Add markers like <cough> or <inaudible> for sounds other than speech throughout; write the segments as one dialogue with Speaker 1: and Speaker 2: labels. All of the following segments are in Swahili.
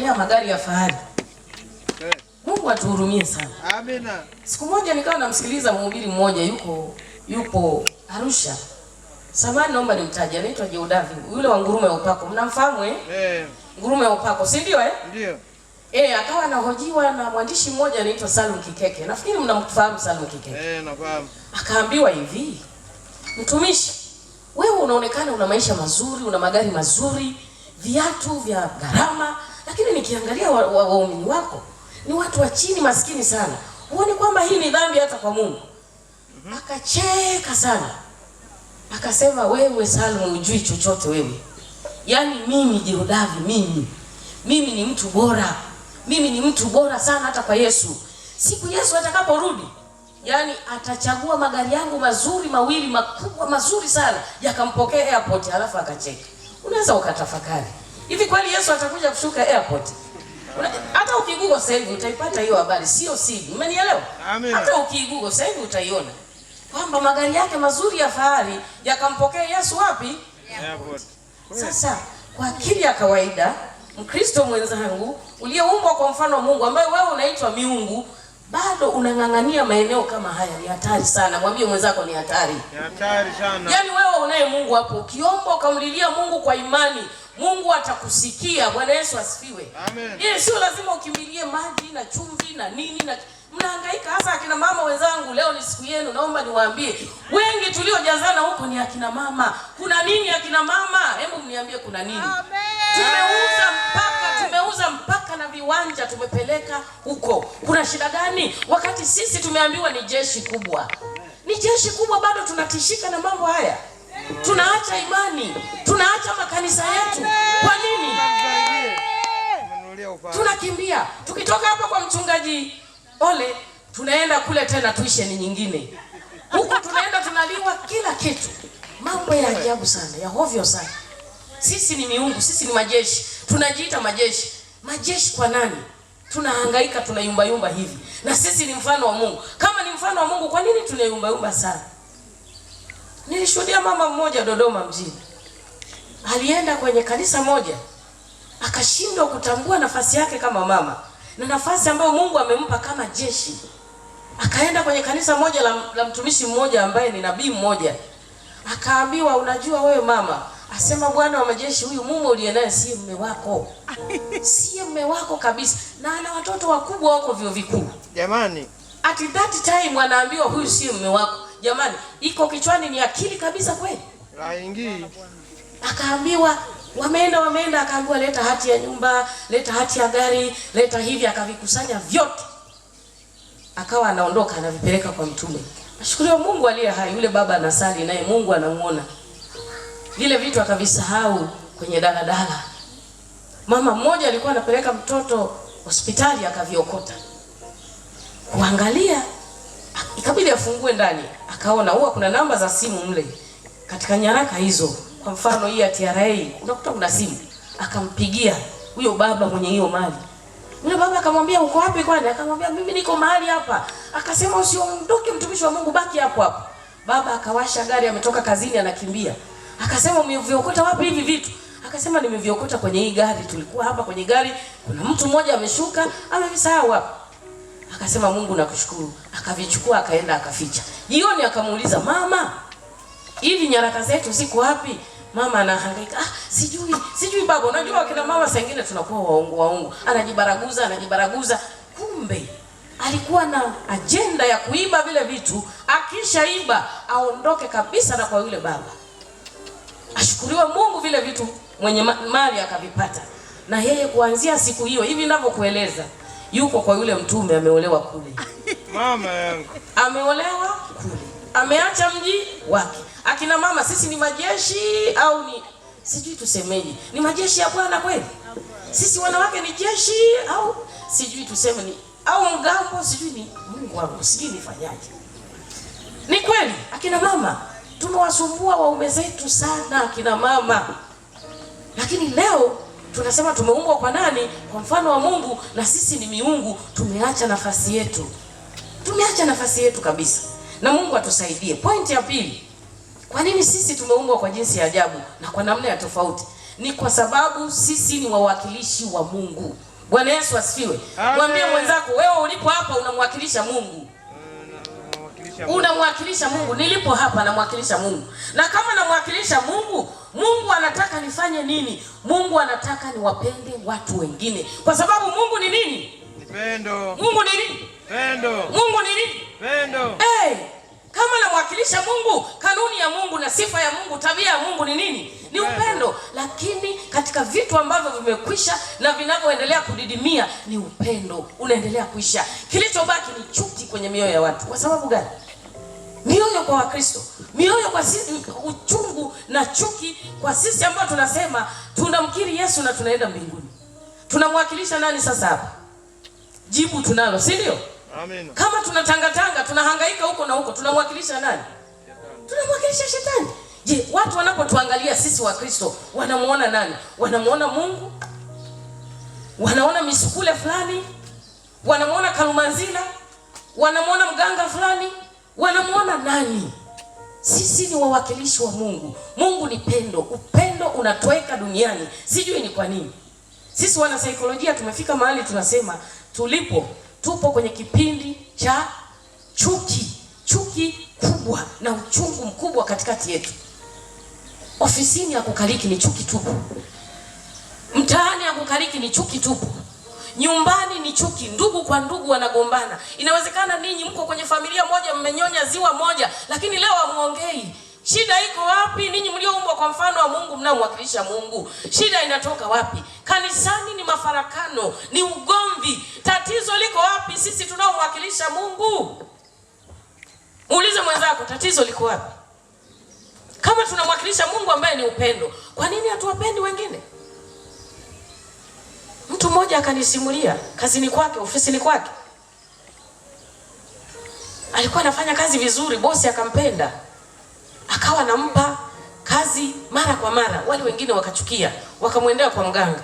Speaker 1: kuangalia magari ya fahari. Eh. Mungu atuhurumie sana. Amina. Siku moja nikawa namsikiliza mhubiri mmoja yuko yupo Arusha. Samani naomba nimtaje, anaitwa Jeudavi. Yule wa ngurume ya upako. Mnamfahamu eh? Eh. Ngurume ya upako, si ndio eh? Ndio. Eh, akawa anahojiwa na mwandishi mmoja anaitwa Salum Kikeke. Nafikiri mnamfahamu Salum Kikeke.
Speaker 2: Eh, nafahamu.
Speaker 1: Akaambiwa hivi, mtumishi, wewe unaonekana una maisha mazuri, una magari mazuri, viatu vya gharama lakini nikiangalia waumini wa, wa wako ni watu wa chini maskini sana, huoni kwamba hii ni dhambi hata kwa Mungu? Mhm. Akacheka sana akasema, wewe Salmu hujui chochote wewe, yaani mimi Jehodavi, mimi mimi ni mtu bora, mimi ni mtu bora sana hata kwa Yesu. Siku Yesu atakaporudi yaani atachagua magari yangu mazuri mawili makubwa mazuri sana yakampokea airport, halafu akacheka. Unaweza ukatafakari. Hivi kweli Yesu atakuja kushuka airport? Hata ukigugo sasa hivi utaipata hiyo habari, sio siri. Umenielewa? Hata ukigugo sasa hivi utaiona kwamba magari yake mazuri ya fahari yakampokea Yesu wapi? Airport. Sasa kwa akili ya kawaida Mkristo mwenzangu uliyeumbwa kwa mfano wa Mungu ambaye wewe unaitwa miungu bado unang'ang'ania maeneo kama haya, ni hatari sana. Mwambie mwenzako ni hatari, ni
Speaker 2: hatari sana.
Speaker 1: Yaani wewe unaye Mungu hapo, ukiomba ukamlilia Mungu kwa imani, Mungu atakusikia. Bwana Yesu asifiwe, amen. sio lazima ukimilie maji na chumvi na nini na mnahangaika hasa akina mama wenzangu, leo ni siku yenu. Naomba niwaambie wengi tuliojazana huko ni akina mama. Kuna nini akina mama? Hebu mniambie kuna nini? Tumeuza madaraka na viwanja tumepeleka huko. Kuna shida gani? Wakati sisi tumeambiwa ni jeshi kubwa, ni jeshi kubwa, bado tunatishika na mambo haya, tunaacha imani, tunaacha makanisa yetu. Kwa nini tunakimbia? Tukitoka hapa kwa mchungaji Ole tunaenda kule tena tuisheni nyingine huku, tunaenda tunaliwa kila kitu. Mambo ya ajabu sana ya hovyo sana. Sisi ni miungu, sisi ni majeshi, tunajiita majeshi. Majeshi kwa nani? Tunahangaika, tunayumbayumba hivi, na sisi ni mfano wa Mungu. Kama ni mfano wa Mungu, kwa nini tunayumbayumba sana? Nilishuhudia mama mmoja Dodoma mjini, alienda kwenye kanisa moja akashindwa kutambua nafasi yake kama mama na nafasi ambayo Mungu amempa kama jeshi. Akaenda kwenye kanisa moja la, la mtumishi mmoja ambaye ni nabii mmoja, akaambiwa, unajua wewe mama Asema Bwana wa majeshi, huyu mume uliye naye si mume wako, <laughs> si mume wako kabisa, na ana watoto wakubwa wako vyuo vikuu. Jamani, at that time anaambiwa huyu si mume wako. Jamani, iko kichwani, ni akili kabisa kweli?
Speaker 2: Laingi
Speaker 1: akaambiwa wameenda wameenda, akaambiwa leta hati ya nyumba, leta hati ya gari, leta hivi, akavikusanya vyote, akawa anaondoka anavipeleka kwa mtume. Ashukuriwe Mungu aliye hai, yule baba anasali naye Mungu anamuona vile vitu akavisahau kwenye daladala. Mama mmoja alikuwa anapeleka mtoto hospitali akaviokota, kuangalia ikabidi afungue ndani, akaona huwa kuna namba za simu mle katika nyaraka hizo. Kwa mfano hii ya TRA unakuta kuna simu, akampigia huyo baba mwenye hiyo mali. Yule baba akamwambia uko wapi kwani? Akamwambia mimi niko mahali hapa. Akasema usiondoke, mtumishi wa Mungu, baki hapo hapo. Baba akawasha gari, ametoka kazini, anakimbia Akasema umeviokota wapi hivi vitu? Akasema nimeviokota kwenye hii gari, tulikuwa hapa kwenye gari, kuna mtu mmoja ameshuka amevisahau hapa. Akasema Mungu nakushukuru. Akavichukua akaenda akaficha. Jioni akamuuliza mama, hivi nyaraka zetu ziko wapi? Mama anahangaika, ah, sijui sijui baba. Unajua kina mama saa nyingine tunakuwa waongo waongo, anajibaraguza anajibaraguza. Kumbe alikuwa na ajenda ya kuiba vile vitu, akishaiba aondoke kabisa na kwa yule baba. Ashukuriwe Mungu vile vitu mwenye mali akavipata. Na yeye kuanzia siku hiyo hivi ninavyokueleza yuko kwa yule mtume ameolewa kule.
Speaker 2: <laughs> Mama yangu.
Speaker 1: Ameolewa kule. Ameacha mji wake. Akina mama sisi ni majeshi au ni sijui tusemeje. Ni majeshi ya Bwana kweli? Sisi wanawake ni jeshi au sijui tuseme ni au mgambo sijui ni Mungu wangu sijui nifanyaje. Ni kweli akina mama tumewasumbua waume zetu sana, akina mama, lakini leo tunasema tumeumbwa kwa nani? Kwa mfano wa Mungu, na sisi ni miungu. Tumeacha nafasi yetu, tumeacha nafasi yetu kabisa, na Mungu atusaidie. Pointi ya pili, kwa nini sisi tumeumbwa kwa jinsi ya ajabu na kwa namna ya tofauti? Ni kwa sababu sisi ni wawakilishi wa Mungu. Bwana Yesu asifiwe. Mwambie mwenzako, wewe ulipo hapa unamwakilisha Mungu unamwakilisha Mungu. Nilipo hapa namwakilisha Mungu, na kama namwakilisha Mungu, Mungu anataka nifanye nini? Mungu anataka niwapende watu wengine, kwa sababu Mungu ni nini? Pendo. Mungu ni nini? Pendo. Mungu ni nini? Pendo. Hey. Kama namwakilisha Mungu, kanuni ya Mungu na sifa ya Mungu, tabia ya Mungu ni nini? Ni upendo. Lakini katika vitu ambavyo vimekwisha na vinavyoendelea kudidimia ni upendo unaendelea kuisha. Kilichobaki ni chuki kwenye mioyo ya watu. Kwa sababu gani? Mioyo kwa Wakristo, mioyo kwa sisi, uchungu na chuki kwa sisi ambao tunasema tunamkiri Yesu na tunaenda mbinguni. Tunamwakilisha nani sasa hapa? Jibu tunalo, si ndio? Amina. Kama tunatangatanga tunahangaika huko na huko, tunamwakilisha nani? Tunamwakilisha Shetani. Je, watu wanapotuangalia sisi wa Kristo wanamuona nani? Wanamuona Mungu? Wanaona misukule fulani? Wanamuona Kalumanzila? Wanamuona mganga fulani? Wanamuona nani? Sisi ni wawakilishi wa Mungu. Mungu ni pendo, upendo unatoweka duniani, sijui ni kwa nini. Sisi wana saikolojia tumefika mahali tunasema tulipo tupo kwenye kipindi cha chuki, chuki kubwa na uchungu mkubwa katikati yetu. Ofisini ya kukaliki ni chuki tupu, mtaani ya kukaliki ni chuki tupu, nyumbani ni chuki, ndugu kwa ndugu wanagombana. Inawezekana ninyi mko kwenye familia moja, mmenyonya ziwa moja, lakini leo hamuongei. Shida iko wapi? Ninyi mlioumbwa kwa mfano wa Mungu, mnamwakilisha Mungu, shida inatoka wapi? Kanisani ni mafarakano, ni ugo sisi tunaomwakilisha Mungu. Muulize mwenzako tatizo liko wapi? Kama tunamwakilisha Mungu ambaye ni upendo, kwa nini hatuwapendi wengine? Mtu mmoja akanisimulia kazini kwake, ofisini kwake, alikuwa anafanya kazi vizuri, bosi akampenda, akawa anampa kazi mara kwa mara. Wale wengine wakachukia, wakamwendea kwa mganga.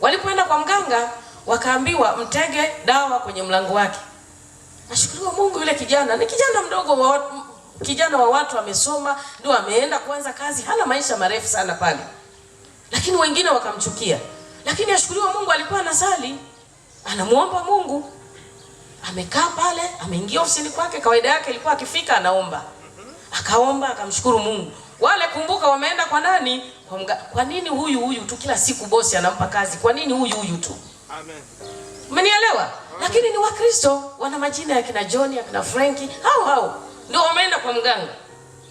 Speaker 1: Walipoenda kwa mganga wakaambiwa mtege dawa kwenye mlango wake. Nashukuru Mungu, yule kijana ni kijana mdogo wa, kijana wa watu amesoma, ndio ameenda kuanza kazi, hana maisha marefu sana pale, lakini wengine wakamchukia, lakini ashukuriwa Mungu, alikuwa anasali anamuomba Mungu, amekaa pale, ameingia ofisini kwake. Kawaida yake ilikuwa akifika anaomba, akaomba akamshukuru Mungu. Wale kumbuka, wameenda kwa nani? Kwa, mga, kwa nini huyu huyu tu kila siku bosi anampa kazi? Kwa nini huyu huyu tu? Amen. Umenielewa? Lakini ni Wakristo wana majina ya kina John, ya kina Frank, hao hao ndio wameenda kwa mganga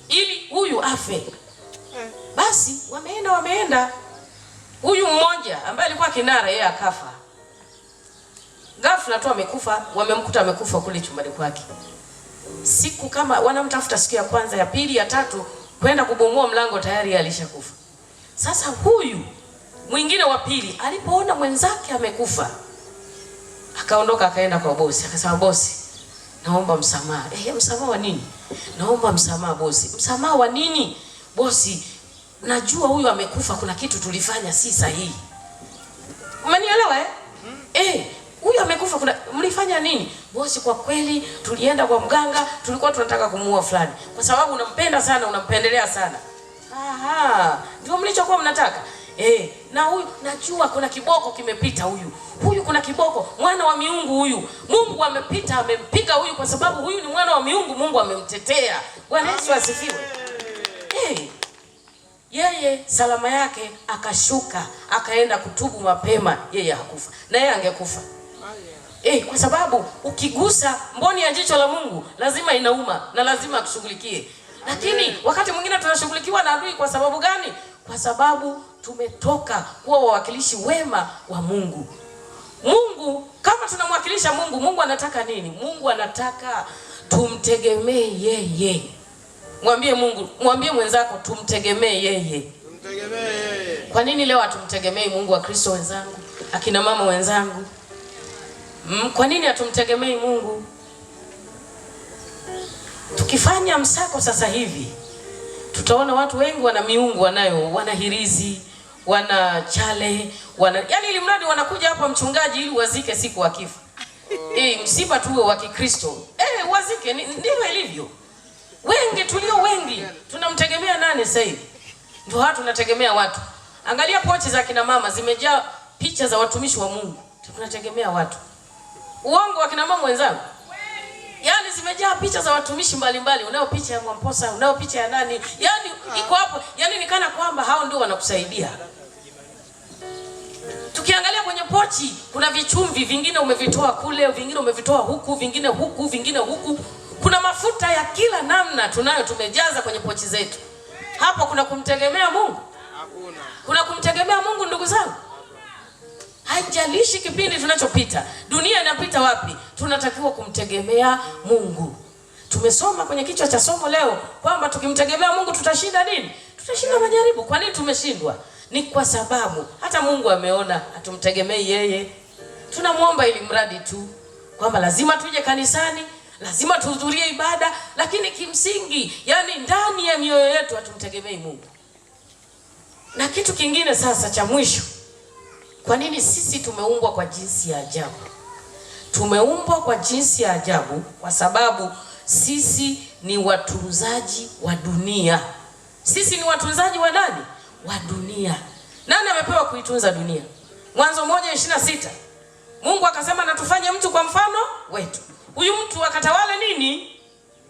Speaker 1: ili huyu afe. Eh. Basi wameenda wameenda, huyu mmoja ambaye alikuwa kinara, yeye akafa ghafla tu, amekufa. Wamemkuta amekufa kule chumbani kwake, siku kama wanamtafuta, siku ya kwanza, ya pili, ya tatu, kwenda kubomoa mlango, tayari alishakufa. Sasa huyu Mwingine wa pili alipoona mwenzake amekufa akaondoka akaenda kwa bosi, akasema bosi, naomba msamaha. Eh, msamaha wa nini? Naomba msamaha bosi. Msamaha wa nini bosi? Najua huyu amekufa, kuna kitu tulifanya si sahihi. Umenielewa eh? Hmm. Eh, huyu amekufa, kuna mlifanya nini bosi? Kwa kweli tulienda kwa mganga, tulikuwa tunataka kumuua fulani, kwa sababu unampenda sana, unampendelea sana. Aha, ndio mlichokuwa mnataka eh, na huyu najua kuna kiboko kimepita huyu, huyu kuna kiboko mwana wa miungu huyu, Mungu amepita amempiga huyu, kwa sababu huyu ni mwana wa miungu, Mungu amemtetea. Bwana Yesu asifiwe. Eh, yeye salama yake akashuka akaenda kutubu mapema, yeye hakufa, na yeye angekufa Eh, kwa sababu ukigusa mboni ya jicho la Mungu lazima inauma na lazima akushughulikie. Lakini wakati mwingine tunashughulikiwa na adui kwa sababu gani? kwa sababu tumetoka kuwa wawakilishi wema wa Mungu. Mungu kama tunamwakilisha Mungu, Mungu anataka nini? Mungu anataka tumtegemee yeye. Mwambie Mungu, mwambie mwenzako tumtegemee yeye. Tumtegemee yeye. Kwa nini leo hatumtegemei Mungu wa Kristo wenzangu, akina mama wenzangu? Mm, kwa nini hatumtegemei Mungu? Tukifanya msako sasa hivi tutaona watu wengi wana miungu wanayo, wana hirizi, wana chale, wana yani, ili mradi wanakuja hapa mchungaji, ili wazike siku wakifa. Oh. Eh, msiba tuwe wa Kikristo eh, wazike. Ndivyo ilivyo wengi tulio wengi, tunamtegemea nani sasa hivi? Ndio hata tunategemea watu. Angalia pochi za kina mama zimejaa picha za watumishi wa Mungu, tunategemea watu. Uongo wa kina mama wenzangu yani zimejaa picha za watumishi mbalimbali, unao picha ya Mwamposa, unao picha ya nani, yani ah. iko hapo, yaani ni kana kwamba hao ndio wanakusaidia. Tukiangalia kwenye pochi, kuna vichumvi vingine umevitoa kule, vingine umevitoa huku, vingine huku, vingine huku. Kuna mafuta ya kila namna tunayo, tumejaza kwenye pochi zetu. Hapo kuna kumtegemea Mungu? Hakuna. Kuna kumtegemea Mungu, ndugu zangu? haijalishi kipindi tunachopita, dunia inapita wapi, tunatakiwa kumtegemea Mungu. Tumesoma kwenye kichwa cha somo leo kwamba tukimtegemea Mungu tutashinda nini? Tutashinda majaribu. Kwa nini tumeshindwa? Ni kwa sababu hata Mungu ameona hatumtegemei yeye, tunamwomba ili mradi tu kwamba lazima tuje kanisani, lazima tuhudhurie ibada, lakini kimsingi, yani ndani ya mioyo yetu hatumtegemei Mungu. Na kitu kingine sasa cha mwisho kwa nini sisi tumeumbwa kwa jinsi ya ajabu? Tumeumbwa kwa jinsi ya ajabu kwa sababu sisi ni watunzaji wa dunia. Sisi ni watunzaji wa nani? Wa dunia. Nani amepewa kuitunza dunia? Mwanzo moja ishirini na sita Mungu akasema natufanye mtu kwa mfano wetu, huyu mtu akatawale nini?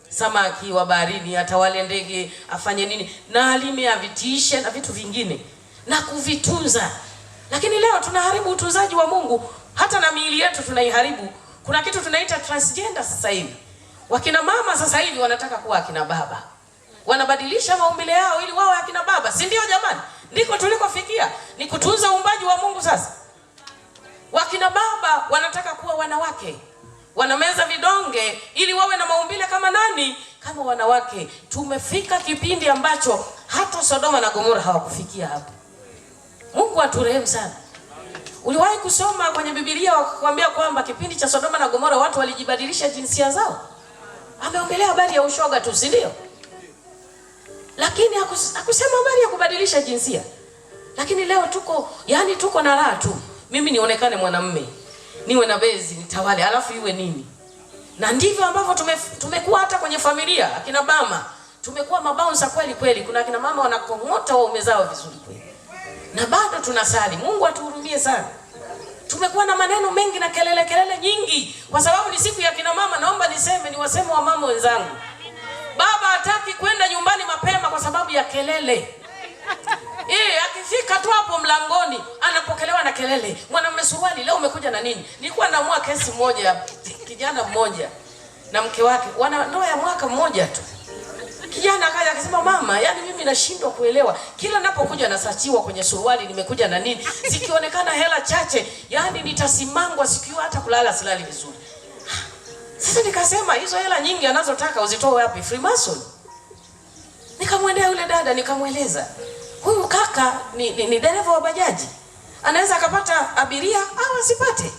Speaker 1: Samaki wa baharini, atawale ndege, afanye nini, na alime, avitiishe na vitu vingine na kuvitunza lakini leo tunaharibu utunzaji wa Mungu, hata na miili yetu tunaiharibu. Kuna kitu tunaita transgender sasa hivi. Wakina mama sasa hivi wanataka kuwa akina baba, wanabadilisha maumbile yao ili wawe akina baba, si ndio? Jamani, ndiko tulikofikia, ni kutunza uumbaji wa Mungu. Sasa wakina baba wanataka kuwa wanawake, wanameza vidonge ili wawe na maumbile kama nani? Kama wanawake. Tumefika kipindi ambacho hata Sodoma na Gomora hawakufikia hapo. Mungu aturehemu sana. Uliwahi kusoma kwenye Biblia wakakwambia kwamba kipindi cha Sodoma na Gomora watu walijibadilisha jinsia zao? Ameongelea habari ya ushoga tu, si ndio? Lakini hakusema habari ya kubadilisha jinsia. Lakini leo tuko yani, tuko na raha tu, mimi nionekane mwanamume, niwe na bezi, nitawale, alafu iwe nini? Na ndivyo ambavyo tumekuwa hata kwenye familia, akina mama tumekuwa mabaunsa kweli kweli. Kuna akina mama wanakomota waume zao vizuri kweli na bado tunasali. Mungu atuhurumie sana. Tumekuwa na maneno mengi na kelele kelele nyingi, kwa sababu ni siku ya kina mama. Naomba niseme, ni waseme wa mama wenzangu, baba hataki kwenda nyumbani mapema kwa sababu ya kelele Ee, akifika tu hapo mlangoni anapokelewa na kelele. Mwanamume suruali, leo umekuja na nini? Nilikuwa naamua kesi moja, kijana mmoja na mke wake, wana ndoa ya mwaka mmoja tu. Kijana akaja akasema, mama, yani mimi nashindwa kuelewa. Kila napokuja nasachiwa kwenye suruali, nimekuja na nini, zikionekana hela chache, yani nitasimangwa siku hata kulala silali vizuri. Sasa nikasema hizo hela nyingi anazotaka uzitoe wapi? Freemason. Nikamwendea yule dada nikamweleza, huyu kaka ni, ni, ni dereva wa bajaji, anaweza akapata abiria au asipate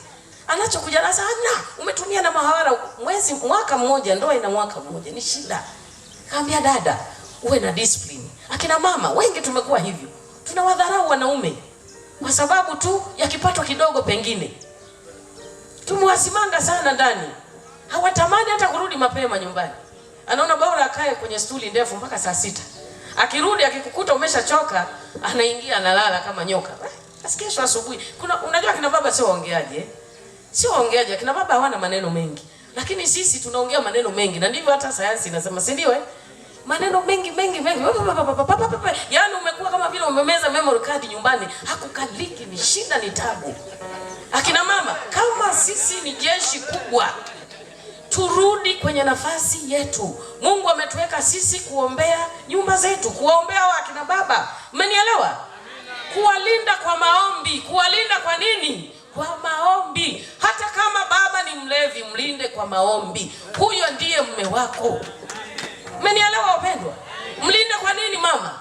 Speaker 1: anachokuja nasa na umetumia na mahawara mwezi mwaka mmoja, ndoa ina mwaka mmoja, ni shida. Kaambia dada uwe na discipline. Akina mama wengi tumekuwa hivyo, tunawadharau wanaume kwa sababu tu ya kipato kidogo, pengine tumewazimanga sana ndani, hawatamani hata kurudi mapema nyumbani. Anaona bora akae kwenye stuli ndefu mpaka saa sita, akirudi akikukuta umeshachoka, anaingia analala kama nyoka. Eh, basi kesho asubuhi kuna, unajua kina baba sio waongeaji eh? Sio waongeaji, kina baba hawana maneno mengi, lakini sisi tunaongea maneno mengi, na ndivyo hata sayansi inasema, si ndio eh? maneno mengi mengi mengi, yaani umekuwa kama vile umemeza memory card nyumbani, hakukaliki. Ni shida, ni tabu. Akina mama kama sisi ni jeshi kubwa, turudi kwenye nafasi yetu. Mungu ametuweka sisi kuombea nyumba zetu, kuwaombea wa akina baba, mmenielewa? Kuwalinda kwa maombi, kuwalinda kwa nini? Kwa maombi. Hata kama baba ni mlevi, mlinde kwa maombi. Huyo ndiye mume wako. Mmenielewa wapendwa? Mlinde kwa nini mama?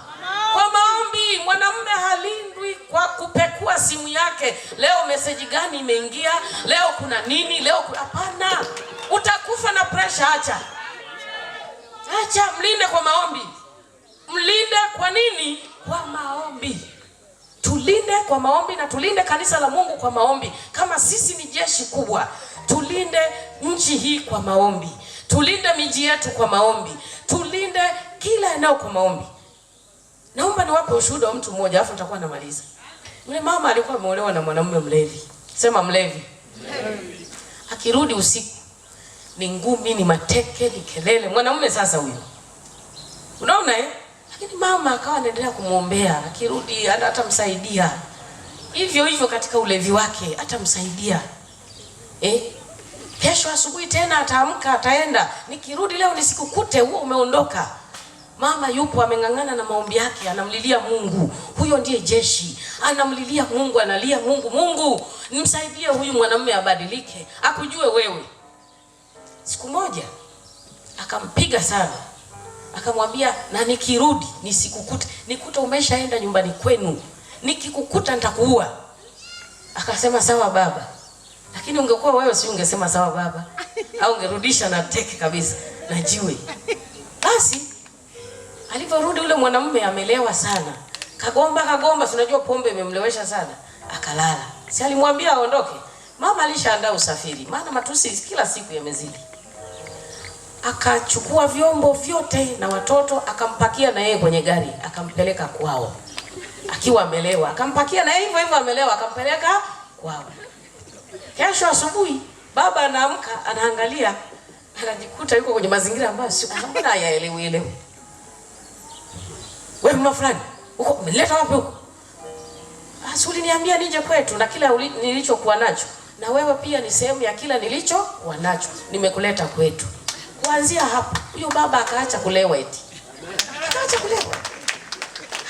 Speaker 1: Kwa maombi. Mwanamume halindwi kwa kupekua simu yake, leo meseji gani imeingia, leo kuna nini, leo hapana. Utakufa na presha. Acha, acha. Mlinde kwa maombi, mlinde kwa nini? Kwa maombi. Tulinde kwa maombi na tulinde kanisa la Mungu kwa maombi. Kama sisi ni jeshi kubwa, tulinde nchi hii kwa maombi, tulinde miji yetu kwa maombi kila eneo kwa maombi. Naomba niwape ushuhuda wa mtu mmoja afu nitakuwa namaliza. Yule mama alikuwa ameolewa na mwanamume mlevi. Sema mlevi. Mlevi. Akirudi usiku ni ngumi, ni mateke, ni kelele. Mwanamume sasa huyo. Unaona eh? Lakini mama akawa anaendelea kumuombea, akirudi hata msaidia. Hivyo hivyo katika ulevi wake atamsaidia Eh? Kesho asubuhi tena ataamka, ataenda. Nikirudi leo nisikukute huo umeondoka. Mama yupo ameng'ang'ana na maombi yake, anamlilia Mungu. Huyo ndiye jeshi, anamlilia Mungu, analia Mungu, Mungu nimsaidie huyu mwanamume abadilike, akujue wewe. Siku moja akampiga sana, akamwambia na nikirudi nisikukute, nikuta umeshaenda nyumbani kwenu, nikikukuta nitakuua. Akasema sawa baba. Lakini ungekuwa wewe, si ungesema sawa baba? Au ungerudisha na teke kabisa na jiwe basi Aliporudi ule mwanamume amelewa sana, kagomba kagomba, si unajua pombe imemlewesha sana, akalala. Si alimwambia aondoke, mama alishaandaa usafiri, maana matusi kila siku yamezidi. Akachukua vyombo vyote na watoto, akampakia na yeye kwenye gari, akampeleka kwao akiwa amelewa, akampakia na yeye hivyo hivyo amelewa, akampeleka kwao. Kesho asubuhi baba anaamka, anaangalia, anajikuta yuko kwenye mazingira ambayo siku mbona hayaelewi elewi wewe mlo fulani huko umeleta wapi huko? Basi ah, uliniambia nije kwetu na kila nilichokuwa nacho, na wewe pia ni sehemu ya kila nilichokuwa nacho, nimekuleta kwetu. Kuanzia hapo, huyo baba akaacha kulewa, eti akaacha kulewa,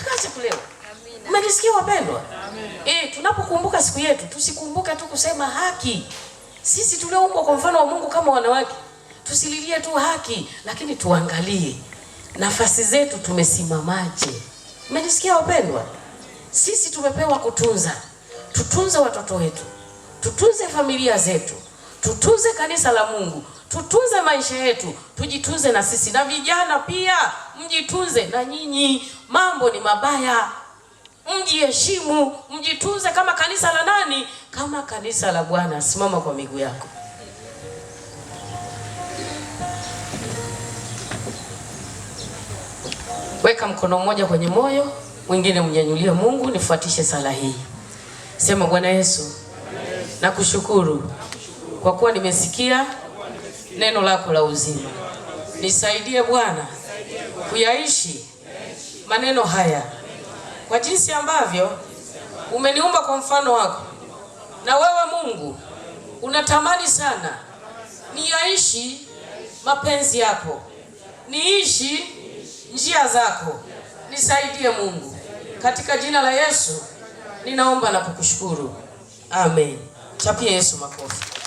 Speaker 1: akaacha kulewa. Umenisikia wapendwa? Eh, tunapokumbuka siku yetu tusikumbuke tu kusema haki. Sisi tulioumbwa kwa mfano wa Mungu kama wanawake, tusililie tu haki, lakini tuangalie nafasi zetu tumesimamaje? Mmenisikia wapendwa? Sisi tumepewa kutunza, tutunze watoto wetu, tutunze familia zetu, tutunze kanisa la Mungu, tutunze maisha yetu, tujitunze na sisi, na vijana pia mjitunze na nyinyi. Mambo ni mabaya, mjiheshimu, mjitunze kama kanisa la nani? Kama kanisa la Bwana. Simama kwa miguu yako. Weka mkono mmoja kwenye moyo, mwingine mnyanyulie Mungu, nifuatishe sala hii. Sema, Bwana Yesu, nakushukuru kwa kuwa nimesikia neno lako la uzima. Nisaidie Bwana kuyaishi maneno haya kwa jinsi ambavyo umeniumba kwa mfano wako, na wewe Mungu unatamani sana niyaishi mapenzi yako, niishi njia zako, nisaidie Mungu, katika jina la Yesu ninaomba na kukushukuru, amen. Chapia Yesu makofi.